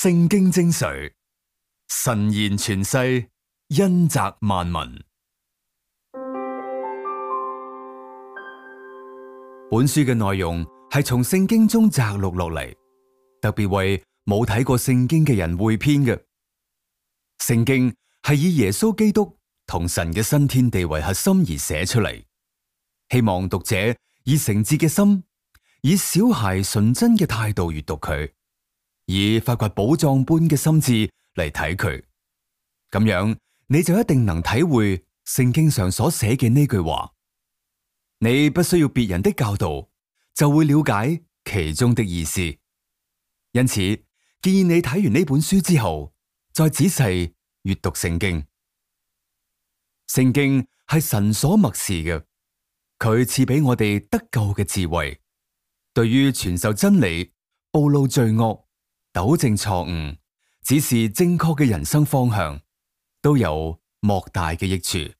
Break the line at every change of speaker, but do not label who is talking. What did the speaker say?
聖經精髓，神言傳世，
恩澤萬民。本書嘅內容係從聖經中摘錄落嚟，特別為冇睇過聖經嘅人彙編嘅。聖經係以耶穌基督同神嘅新天地為核心而寫出嚟，希望讀者以誠摯嘅心，以小孩純真嘅態度閱讀佢。以發掘寶藏般嘅心志嚟睇佢，咁樣你就一定能體會聖經上所寫嘅呢句話。你不需要別人的教導，就會了解其中的意思。因此，建議你睇完呢本書之後，再仔細閱讀聖經。聖經係神所默示嘅，佢賜俾我哋得救嘅智慧，對於傳授真理、暴露罪惡。糾正錯誤，指示正確嘅人生方向，都有
莫大嘅益處。